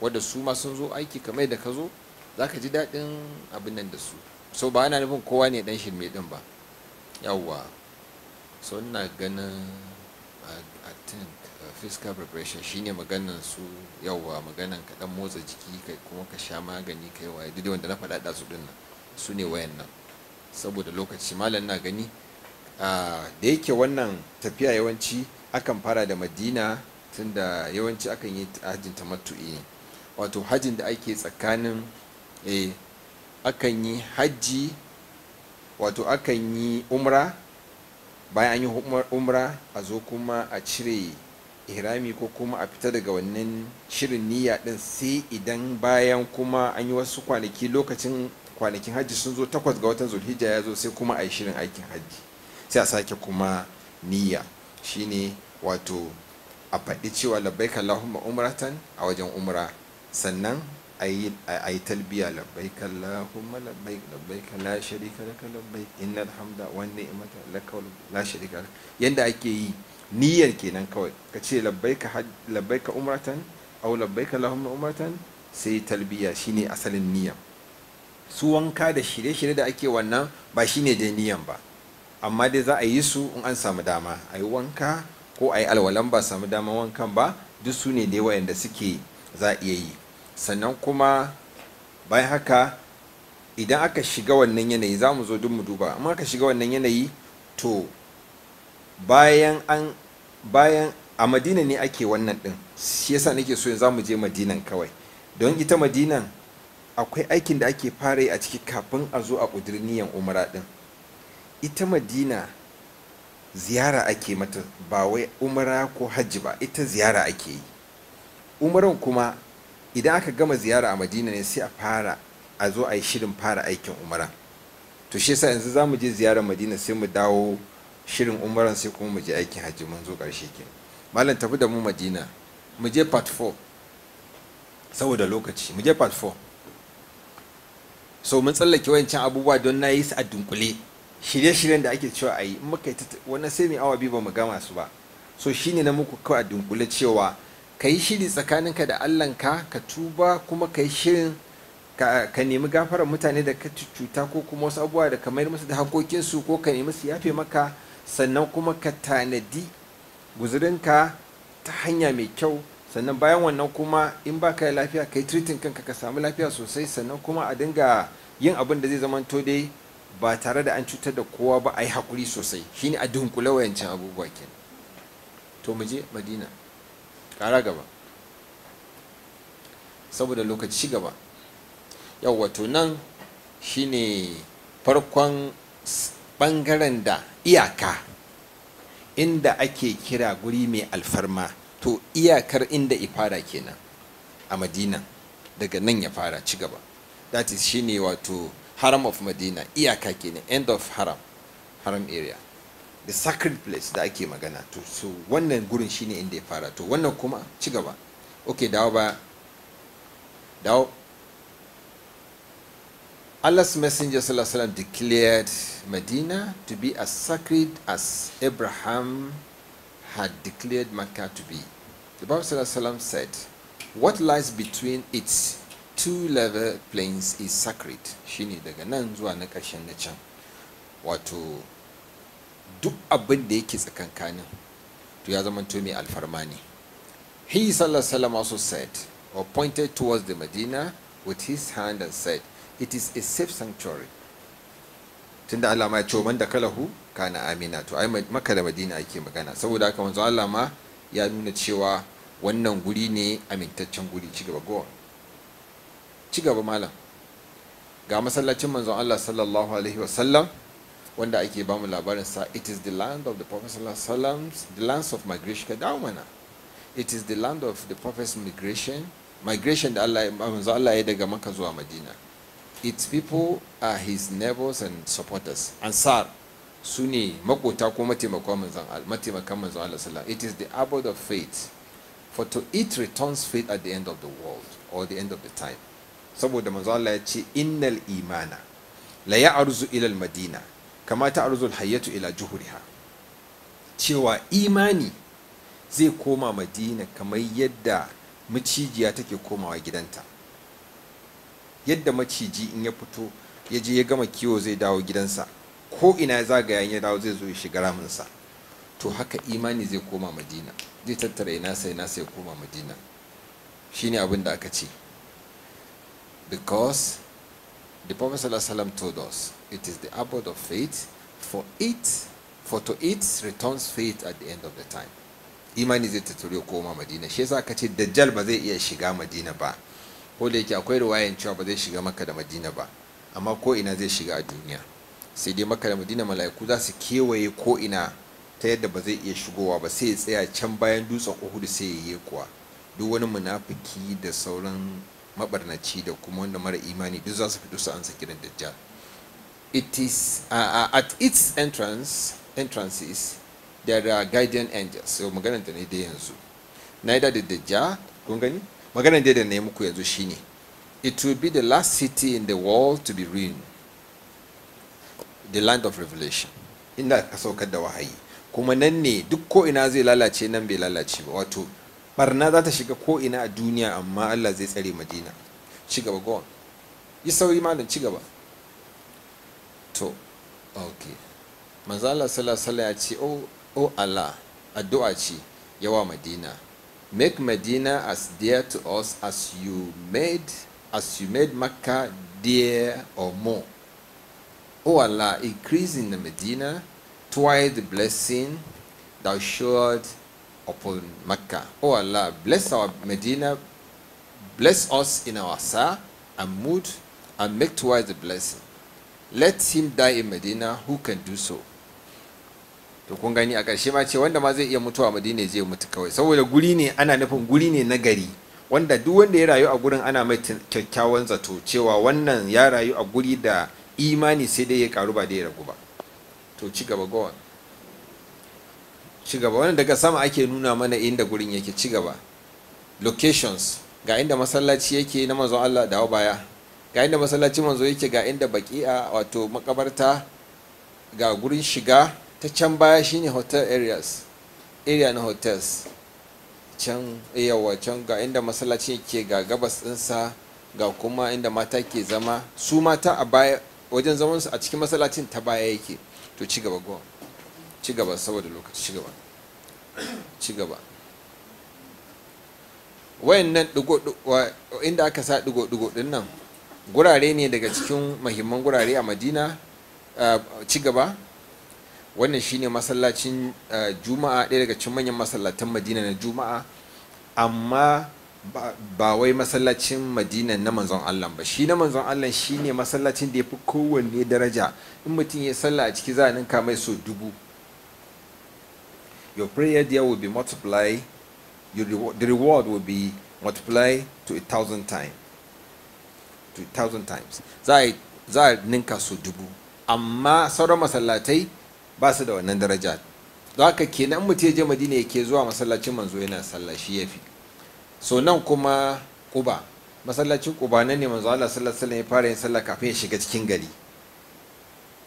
wanda su ma sun zo aiki kamar da ka zo za ji daɗin abin nan da su so ba ana nufin kowa ne dan shirme din ba yawwa so ina ganin a physical preparation shine maganan su yauwa maganan ka motsa jiki kai kuma ka sha magani kai waye duk wanda na faɗa da su dinnan su ne wayannan saboda lokaci malam na gani da yake wannan tafiya yawanci akan fara da madina tunda yawanci akan yi hajjin tamattu'i ne wato hajjin da ake tsakanin eh akan yi hajji wato akan yi umra bayan an yi umra a zo kuma a cire ihrami ko kuma a fita daga wannan shirin niyya din sai idan bayan kuma an yi wasu kwanaki lokacin kwanakin hajji sun zo takwas ga watan zulhijja ya zo sai kuma a yi shirin aikin hajji sai a sake kuma niyya shine wato a faɗi cewa labbaik Allahumma umratan a wajen umra sannan a yi talbiya labbaik Allahumma labbaik labbaik la sharika laka labbaik innal hamda wa ni'mata laka la sharika yanda ake yi niyyar kenan kawai ka ce labbaika umratan au labbaika lahumma umratan sai talbiya shine asalin niyyar su wanka da shirye-shirye da ake wannan ba shine dai niyyan ba amma dai za a yi su in an samu dama a yi wanka ko a yi alwalan ba samu dama wankan ba duk su ne dai wayanda suke za a iya yi sannan kuma bayan haka idan aka shiga wannan yanayi za mu zo duk mu duba amma aka shiga wannan yanayi to bayan an bayan a madina ne ake wannan din shi yasa nake so za mu je madinan kawai don ita madinan akwai aikin da ake fara yi a ciki kafin a zo a ƙudirniyan umara din ita madina ziyara ake mata ba wai umara ko hajji ba ita ziyara ake yi umaran kuma idan aka gama ziyara a madina ne sai a fara a zo a yi shirin fara aikin umara to shi yasa yanzu za mu je ziyarar madina sai mu dawo shirin umaran sai kuma mu je aikin hajji mun zo ƙarshe ke malam tafi da mu madina mu je part 4 saboda lokaci mu je part 4 so mun tsallake wayancan abubuwa don na yi su a dunkule shirye-shiryen da ake cewa a yi muka wannan sai mai awa biyu ba mu gama su ba so shine na muku kawai a dunkule cewa ka yi shiri tsakaninka da allahnka ka tuba kuma ka yi shirin ka nemi gafarar mutane da ka cuta ko kuma wasu abubuwa da ka mayar musu da hakokinsu ko ka nemi su yafe maka sannan kuma ka tanadi guzurinka ta hanya mai kyau sannan bayan wannan kuma in ba ka lafiya ka yi tritin kanka ka samu lafiya sosai sannan kuma a dinga yin abin da zai zama to dai ba tare da an cutar da kowa ba a yi haƙuri sosai Shi ne a dunkule wayancin abubuwa kenan to mu je madina ƙara gaba saboda lokaci gaba yau wato nan shi ne farkon ɓangaren da iyaka inda ake kira guri mai alfarma to iyakar inda ifara kenan a madina daga nan ya fara ci gaba that is shine wato haram of madina iyaka kenan end of haram haram area the sacred place da ake magana to so wannan gurin shine inda ya fara to wannan kuma ci gaba okay dawo ba dawo Allah's Messenger وسلم, declared Medina to be as sacred as Abraham had declared Mecca to be. The Prophet وسلم, said, What lies between its two level planes is sacred. Shini daga nan zuwa na ƙarshen na can. Wato, duk abin da yake tsakankanin to ya zama mai alfarma ne. He sallallahu also said or pointed towards the Medina with his hand and said, it is a safe sanctuary tunda Allah ma ya ce man da kalahu kana amina to ai maka da madina ake magana saboda haka manzo Allah ma ya nuna cewa wannan guri ne amintaccen guri ci gaba gowa ci gaba malam ga masallacin manzon Allah sallallahu alaihi wasallam wanda ake bamu labarin sa it is the land of the prophet sallallahu alaihi wasallam the lands of migration ka it is the land of the prophet's migration migration da Allah manzo Allah ya daga Makka zuwa Madina its people are his neighbors and supporters ansar su ne makota ko mataimakan manzon Allah sallallahu it is the abode of faith for to it returns faith at the end of the world or the end of the time saboda manzon Allah ya ce innal imana la ya'ruzu ila al-madina kama ta'ruzu al-hayyatu ila juhuriha cewa imani zai koma madina kamar yadda macijiya take komawa gidanta yadda maciji in ya fito ya je ya gama kiwo zai dawo gidansa ko ina zagaya ya dawo zai zo ya shiga raminsa to haka imani zai koma madina zai tattara ina sai ina sai koma madina shine abin da aka ce because the prophet sallallahu told us it is the abode of faith for it for to it returns faith at the end of the time imani zai tattaro koma madina shi yasa aka ce dajjal ba zai iya shiga madina ba ko da yake akwai riwayan cewa ba zai shiga maka da madina ba amma ko ina zai shiga a duniya sai dai maka da madina mala'iku za su kewaye ko ina ta yadda ba zai iya shigowa ba sai ya tsaya can bayan dutsen uhud sai ya yi kuwa duk wani munafiki da sauran mabarnaci da kuma wanda mara imani duk za su fito su ansa kiran dajjal it is uh, at its entrance entrances there are guardian angels so maganar ta ne dai yanzu na yi da dajjal kun gani maganar dai da na yi muku yanzu shine it will be the last city in the world to be ruined the land of revelation inda ka saukar da wahayi kuma nan ne duk ko ina zai lalace nan bai lalace ba wato barna za ta shiga ko ina a duniya amma Allah zai tsare madina ci gaba go yi sauri malam ci gaba to okay manzo sala sala ya ce oh, oh Allah addu'a ce yawa madina Make Medina as dear to us as you made as you made Mecca dear or more. O Allah, increase in the Medina twice the blessing thou showed upon Mecca. O Allah, bless our Medina, bless us in our sa and mood, and make twice the blessing. Let him die in Medina who can do so. to kun gani a ƙarshe ma ce wanda ma zai iya mutuwa madina zai mutu kawai saboda guri ne ana nufin guri ne na gari wanda duk wanda ya rayu a gurin ana mai kyakkyawan zato cewa wannan ya rayu a guri da imani sai dai ya karu ba dai ya ragu ba to ci gaba gowa ci gaba wannan daga sama ake nuna mana inda gurin yake ci gaba locations ga inda masallaci yake na manzon Allah da baya ga inda masallaci manzo yake ga inda baki'a wato makabarta ga gurin shiga ta can baya shine hotel areas area na hotels can yawa can ga inda masallaci ke ga gabas ɗinsa ga kuma inda mata ke zama su mata a baya wajen zaman su a cikin masallacin ta baya yake to ci gaba go ci gaba saboda lokaci ci gaba ci gaba wayannan digo inda aka sa dugo-dugo din nan gurare ne daga cikin mahimman gurare a Madina eh, ci gaba wannan shine masallacin eh, juma'a ɗaya daga cikin manyan masallatan madina na juma'a amma ba wai masallacin madina na manzon allah ba shi na manzon allah shine masallacin da ya fi kowanne daraja in mutum ya sallah a ciki za a ninka mai so dubu your prayer there will be multiply your the reward will be multiply to a thousand times to a thousand times za a ninka so dubu amma sauran masallatai ba su da wannan daraja don haka kenan mutum je madina yake zuwa masallacin manzo yana sallah shi ya fi. so nan kuma kuba masallacin kuba nan ne manzo Allah sallallahu alaihi ya fara yin sallah kafin ya shiga cikin gari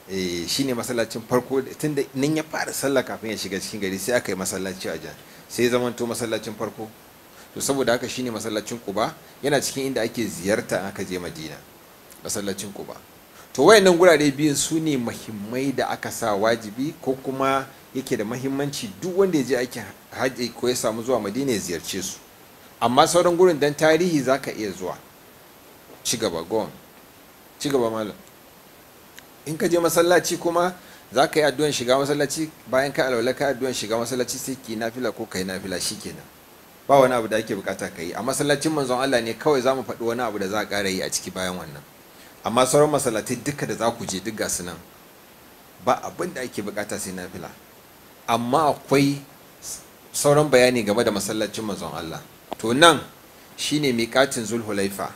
eh shine masallacin farko tunda nan ya fara sallah kafin ya shiga cikin gari sai aka yi masallaci a jan sai to masallacin farko to saboda haka shine masallacin kuba yana cikin inda ake ziyarta aka je madina masallacin kuba to nan gurare biyun su ne mahimmai da aka sa wajibi ko kuma yake da mahimmanci duk wanda ya je aikin hajji ko ya samu zuwa madina ya ziyarce su amma sauran gurin dan tarihi za ka iya zuwa ci gaba gon ci gaba malam in ka je masallaci kuma za ka yi addu'an shiga masallaci bayan ka alwala ka addu'an shiga masallaci sai ki nafila ko kai nafila shikenan ba wani abu da ake bukata ka yi a masallacin manzon Allah ne kawai za mu faɗi wani abu da za a ƙara yi a ciki bayan wannan amma sauran masallatai duka da za ku je duk gasu nan ba abin da ake bukata sai na fila, amma akwai sauran bayani game da masallacin mazan Allah to nan shi shine miƙatin zulhulaifa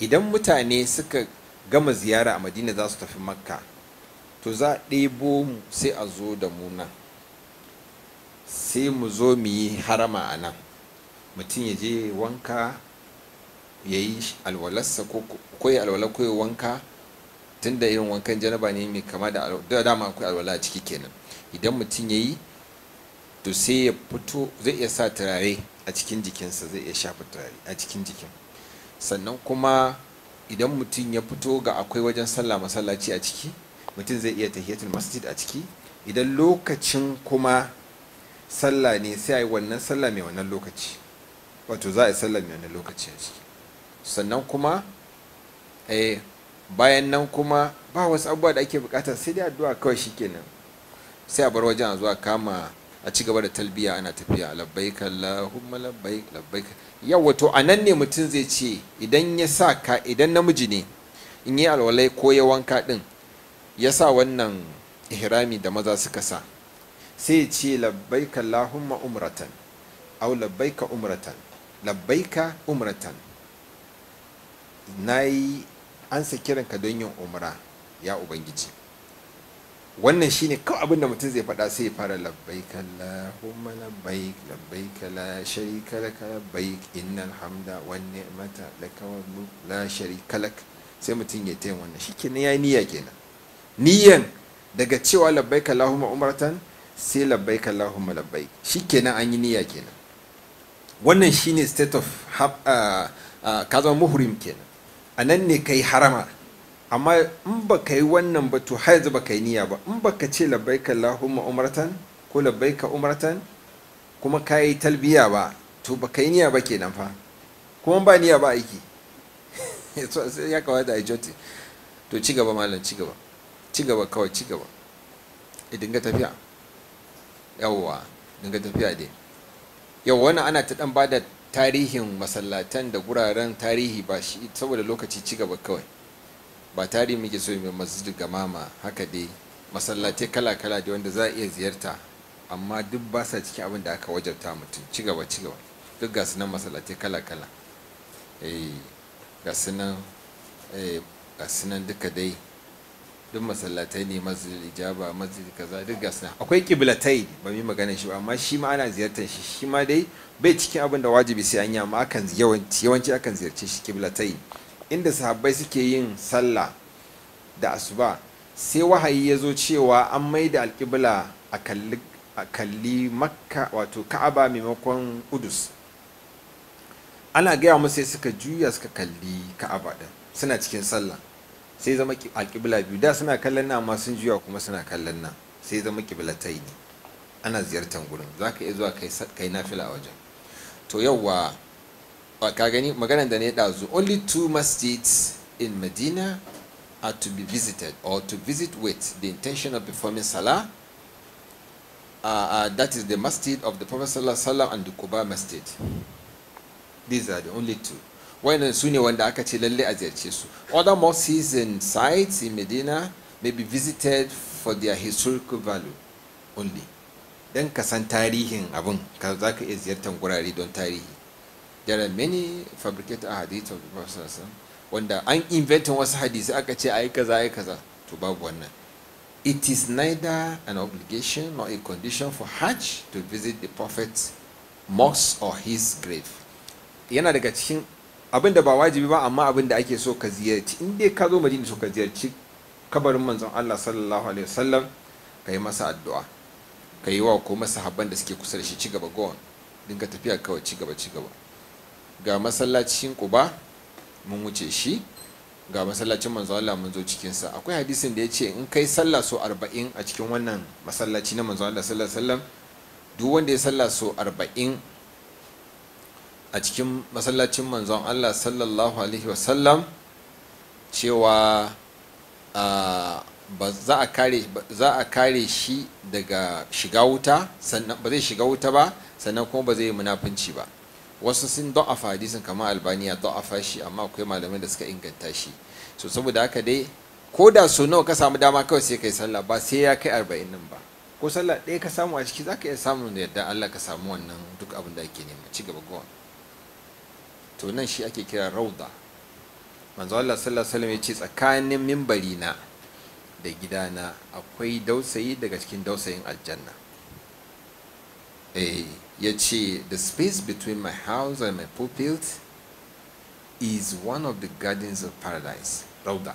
idan mutane suka gama ziyara a madina za su tafi makka to za a ɗebo mu sai a zo da mu nan sai mu zo mu yi harama a nan mutum ya je wanka ya yi alwalarsa ko ya alwala ko ya wanka tun da irin wankan janaba ne mai kama da da dama akwai alwala a ciki kenan idan mutum ya yi to sai ya fito zai iya sa turare a cikin jikinsa zai iya shafa turare a cikin jikin sannan kuma idan mutum ya fito ga akwai wajen sallah masallaci a ciki mutum zai iya tahiyatul masjid a ciki idan lokacin kuma sallah ne sai a yi wannan sallah mai wannan lokaci wato za a yi sallah mai wannan lokaci a ciki sannan kuma eh bayan nan kuma ba wasu abubuwa da ake bukata sai dai addu'a kawai shikenan sai a bar wajen a zuwa kama a ci gaba da talbiya ana tafiya Labbaika allahumma labbaik labbaik yawa to anan ne mutum zai ce idan ya sa ka idan namiji ne in yi alwalai ko ya wanka din ya sa wannan ihrami da maza suka sa sai ya ce labbaika allahumma umratan au labbaika umratan labbaika umratan na yi ansa kiranka don yin umra ya ubangiji wannan ne kawai abinda mutum zai faɗa sai ya fara labbaik Allahumma labbaik labbaik la sharika lak labbaik innal hamda wan ni'mata laka wal mulk la sharika lak sai mutum ya tayin wannan shikenan yayi niyya kenan niyyan daga cewa labbaik Allahumma umratan sai labbaik Allahumma labbaik shikenan an yi niyya kenan wannan shine state of ah, ah, ka zama muhrim kenan a nan ne ka yi harama amma in ba ka yi wannan ba to har yanzu ba ka yi niyya ba in ba ka ce labbaika Allahumma umratan ko labbaika umratan kuma ka yi talbiya ba to ba ka yi niyya ba ke nan fa kuma ba niyya ba aiki ya kawata a joti to ci gaba malam ci gaba ci gaba kawai ci gaba ya dinga tafiya yawwa dinga tafiya dai yawwa wani ana ta dan da tarihin masallatan da guraren tarihi ba shi saboda lokaci ci gaba kawai ba tarihi muke so mai masjid gamama haka dai masallatai kala-kala da wanda za a iya ziyarta amma duk ba sa cikin abin da aka wajabta mutum ci gaba ci gaba duk ga sunan masallatai kala-kala eh ga sunan eh, duka dai duk masallatai ne masjid ijaba masjid kaza duk gasu akwai kiblatai ba mu magana shi ba amma shi ma ana ziyartar shi shi ma dai bai cikin abin da wajibi sai an yi amma akan yawanci yawanci akan ziyarce shi kiblatai inda sahabbai suke yin sallah da asuba sai wahayi ya zo cewa an maida alƙibla a kalli a kalli makka wato ka'aba maimakon udus ana gaya musu sai suka juya suka kalli ka'aba din suna cikin sallah sai zama alƙibla biyu da suna kallon nan amma sun juya kuma suna kallon nan sai zama ƙiblatai ne ana ziyartar gurin za ka iya zuwa kai fila a wajen to yauwa ka gani maganar da ne ɗazu only two masjids in medina are to be visited or to visit with the intention of performing salah uh, uh, that is the masjid of the prophet sallallahu alaihi wasallam and the quba masjid these are the only two wayannan su ne wanda aka ce lalle a ziyarce su other mosques and sites in medina may be visited for their historical value only don ka san tarihin abin ka za ka iya ziyartar gurare don tarihi there are many fabricated hadith of the prophet wanda an inventin wasu hadisi aka ce ayi kaza ayi kaza to babu wannan it is neither an obligation nor a condition for hajj to visit the prophet's mosque or his grave yana daga cikin abin da ba wajibi ba amma abin da ake so ka ziyarci in dai ka zo madina so ka ziyarci kabarin manzon Allah sallallahu alaihi wasallam kai masa addu'a kai wa ko masahabban da suke kusa da shi ci gaba gowon dinga tafiya kawai ci gaba ci gaba ga masallacin Quba mun wuce shi ga masallacin manzon Allah mun zo cikin sa akwai hadisin da ya ce in kai sallah so 40 a cikin wannan masallaci na manzon Allah sallallahu alaihi wasallam duk wanda ya sallah so 40 a cikin masallacin manzon Allah sallallahu alaihi wasallam cewa za a kare shi daga shiga wuta ba zai shiga wuta ba sannan kuma ba zai yi munafunci ba wasu sun da'afa hadisin kamar albaniya da'afa shi amma akwai malamai da suka inganta shi so saboda haka dai ko da so nawa ka samu dama kawai sai kai sallah ba sai ya kai arba'in nan ba ko sallah ɗaya ka samu a ciki za ka iya samun da yadda allah ka samu wannan duk abin da ake nema ci gaba gowa to nan shi ake kira rauda manzo Allah sallallahu alaihi wasallam ya ce tsakanin mimbari na da gidana akwai dausayi daga cikin dausayin aljanna eh ya ce the space between my house and my pulpit is one of the gardens of paradise rauda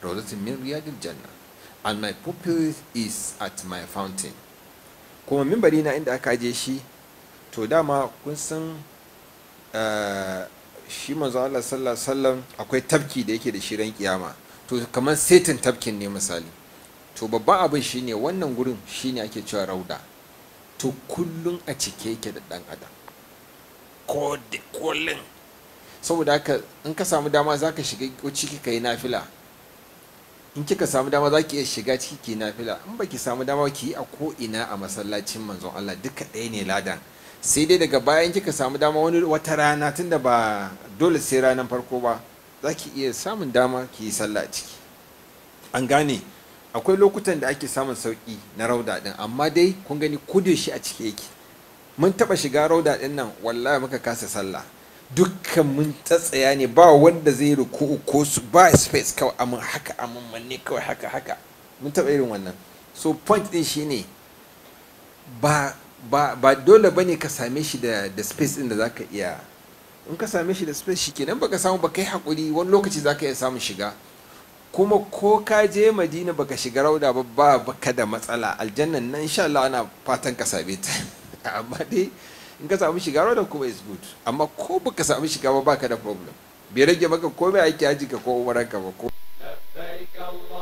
Rauda raudatin min riyadil janna and my pulpit is at my fountain kuma mimbari na inda aka je shi to dama kun san Eh, shi manzo Allah sallallahu alaihi wasallam akwai tafki da yake da shi ran kiyama to kamar setin tafkin ne misali to babban abin shine wannan gurin shine ake cewa rauda to kullun a cike yake da dan adam ko da kullun saboda haka in ka samu dama zaka shiga ciki kai nafila in kika samu dama zaki iya shiga ciki ki nafila in baki samu dama ki yi a ko ina a masallacin manzon Allah duka ɗaya ne ladan sai dai daga bayan kika samu dama wani wata rana tunda ba dole sai ranar farko ba za ki iya samun dama ki yi sallah a ciki an gane akwai lokutan da ake samun sauki na rauda din amma dai kun gani kudin shi a ciki yake mun taba shiga rauda din nan wallahi muka kasa sallah dukkan mun tsatsaya ne ba wanda zai ruku ko su ba space kawai amma haka amma manne kawai haka haka mun taba irin wannan so point din shine ba ba, ba dole bane ka same shi da, da space din da zaka iya in ka same shi da space shi kenan baka samu baka yi hakuri wani lokaci zaka iya samun shiga kuma ko ka je madina baka shiga rauda ba ba baka da matsala aljannan nan insha Allah ana fatan ka same ta amma dai in ka samu shiga rauda kuma is good amma ko baka samu shiga ba baka da problem bai rage maka komai aiki haji ka ko umaranka ba ko